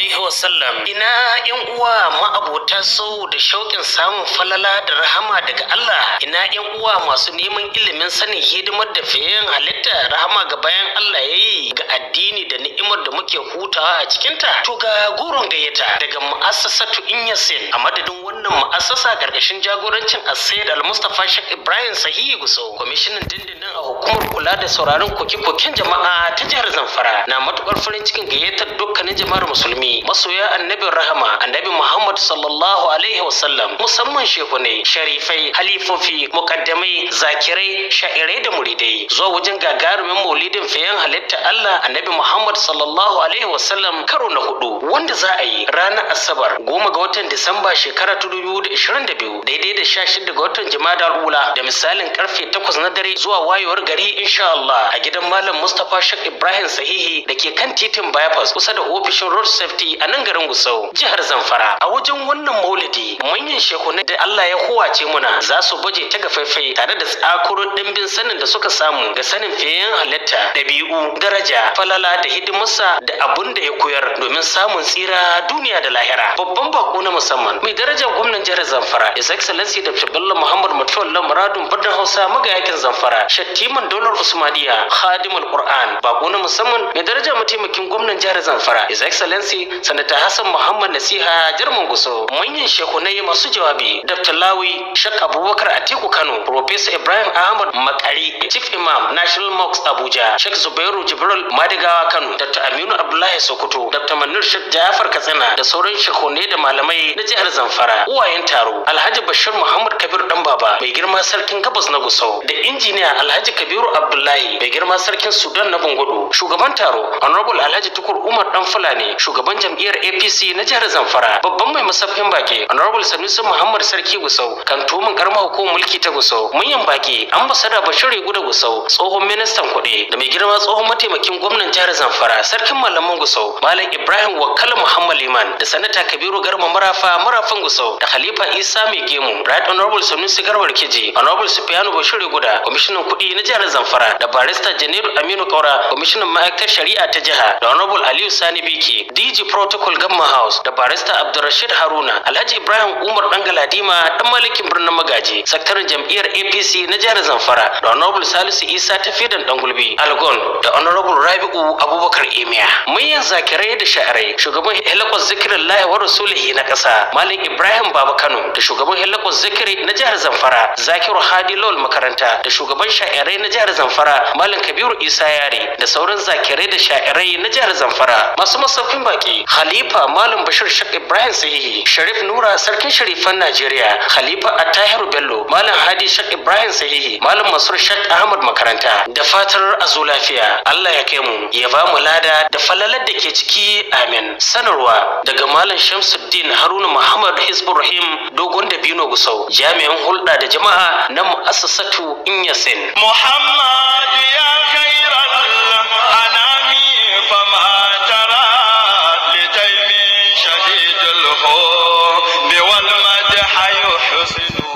alaihi wasallam ina yan uwa ma'abota so da shauƙin samun falala da rahama daga Allah ina yan uwa masu neman ilimin sanin hidimar da fiyen halitta rahama ga bayan Allah ya yi ga addini da ni'imar da muke hutawa a cikinta to ga goron gayyata daga mu'assasatu inyasin a madadin wannan mu'assasa ƙarƙashin jagorancin asayid al-mustafa shek ibrahim sahihi guso kwamishinan dindindin a hukumar sauraron koke-koken jama'a ta jihar Zamfara na matukar farin cikin gayyatar dukkanin jama'ar musulmi masoya annabin rahama annabi Muhammad Muhammad sallallahu alaihi wasallam musamman shehu ne sharifai halifofi mukaddamai zakirai sha'irai da muridai zuwa wajen gagarumin maulidin fayan halitta Allah annabi Muhammad sallallahu alaihi wasallam karo na hudu wanda za a yi ranar Asabar goma ga watan Disamba shekara ta dubu da ishirin da biyu daidai da sha shida ga watan Jumada Ula da misalin karfe takwas na dare zuwa wayewar gari insha Allah a gidan Malam Mustapha Sheikh Ibrahim Sahihi da ke kan titin bypass kusa da ofishin road safety a nan garin Gusau jihar Zamfara a wajen wannan maulidi manyan shekunai da Allah ya huwace muna za su baje ta gafaifai tare da tsakuro dimbin sanin da suka samu ga sanin fiyen halitta ɗabi'u daraja falala da hidimarsa da abun da ya koyar domin samun tsira duniya da lahira babban bako na musamman mai daraja gwamnan jihar zamfara his excellency da bello muhammad mutfallah muradun birnin hausa magayakin zamfara shattiman dolar usmaniya khadimul qur'an bako na musamman mai daraja mataimakin gwamnan jihar zamfara his excellency sanata hassan muhammad nasiha jarman Guso na yi masu jawabi Dr. Lawi Shak Abubakar Atiku Kano Professor Ibrahim Ahmad Makari Chief Imam National Mosque Abuja Sheikh Zubairu Jibril Madigawa Kano Dr. Aminu Abdullahi Sokoto Dr. Manur Sheikh Jafar Katsina da sauran ne da malamai na jihar Zamfara uwayen taro Alhaji Bashir Muhammad Kabir Dan Baba mai girma sarkin Gabas na Gusau da injiniya Alhaji Kabiru Abdullahi mai girma sarkin Sudan na Bungudu shugaban taro Honorable Alhaji Tukur Umar Dan Fulani shugaban jam'iyyar APC na jihar Zamfara babban mai musaffin baki honorable sanusi muhammad sarki gusau kan tumin karamar hukumar mulki ta gusau munyan baki ambasada bashir guda gusau tsohon ministan kuɗi da mai girma tsohon mataimakin gwamnan jihar zamfara sarkin malaman gusau malam ibrahim wakala muhammad liman da sanata kabiru Garma marafa marafan gusau da khalifa isa mai gemu right honorable sanusi garba rikiji honorable sufiyanu bashir guda kwamishinan kuɗi na jihar zamfara da barista janiru aminu kaura kwamishinan ma'aikatar shari'a ta jiha da honorable aliyu sani biki dg protocol gamma house da barista abdulrashid Rashid Haruna, Alhaji Ibrahim Umar Dan Galadima, dan malikin birnin Magaji, sakataren jam'iyyar APC na jihar Zamfara, da Honorable Salisu Isa Tafidan Gulbi, Algon, da Honorable Rabi'u Abubakar Emiya. Manyan zakirai da sha'arai, shugaban Helakwas Zikirin Lahi wa Rasulihi na ƙasa, Malam Ibrahim Baba Kano, da shugaban helakos zakari na jihar zamfara zakiru hadi lol makaranta da shugaban sha'irai na jihar zamfara malam kabiru isa yare da sauran zakirai da sha'irai na jihar zamfara masu masaukin baki khalifa malam bashir shak ibrahim sahihi sharif nura sarkin sharifan najeriya khalifa attahiru bello malam hadi shak ibrahim sahihi malam masur shak ahmad makaranta da fatar a lafiya allah ya kai mu ya ba mu lada da falalar da ke ciki amin sanarwa daga malam shamsuddin haruna muhammad hizbur rahim dogon da bino gusau jami'in hulɗa da jama'a na mu'assasatu inyasin muhammad ya khairal anami fama tara litaymin shadidul hu bi wal madhi husnu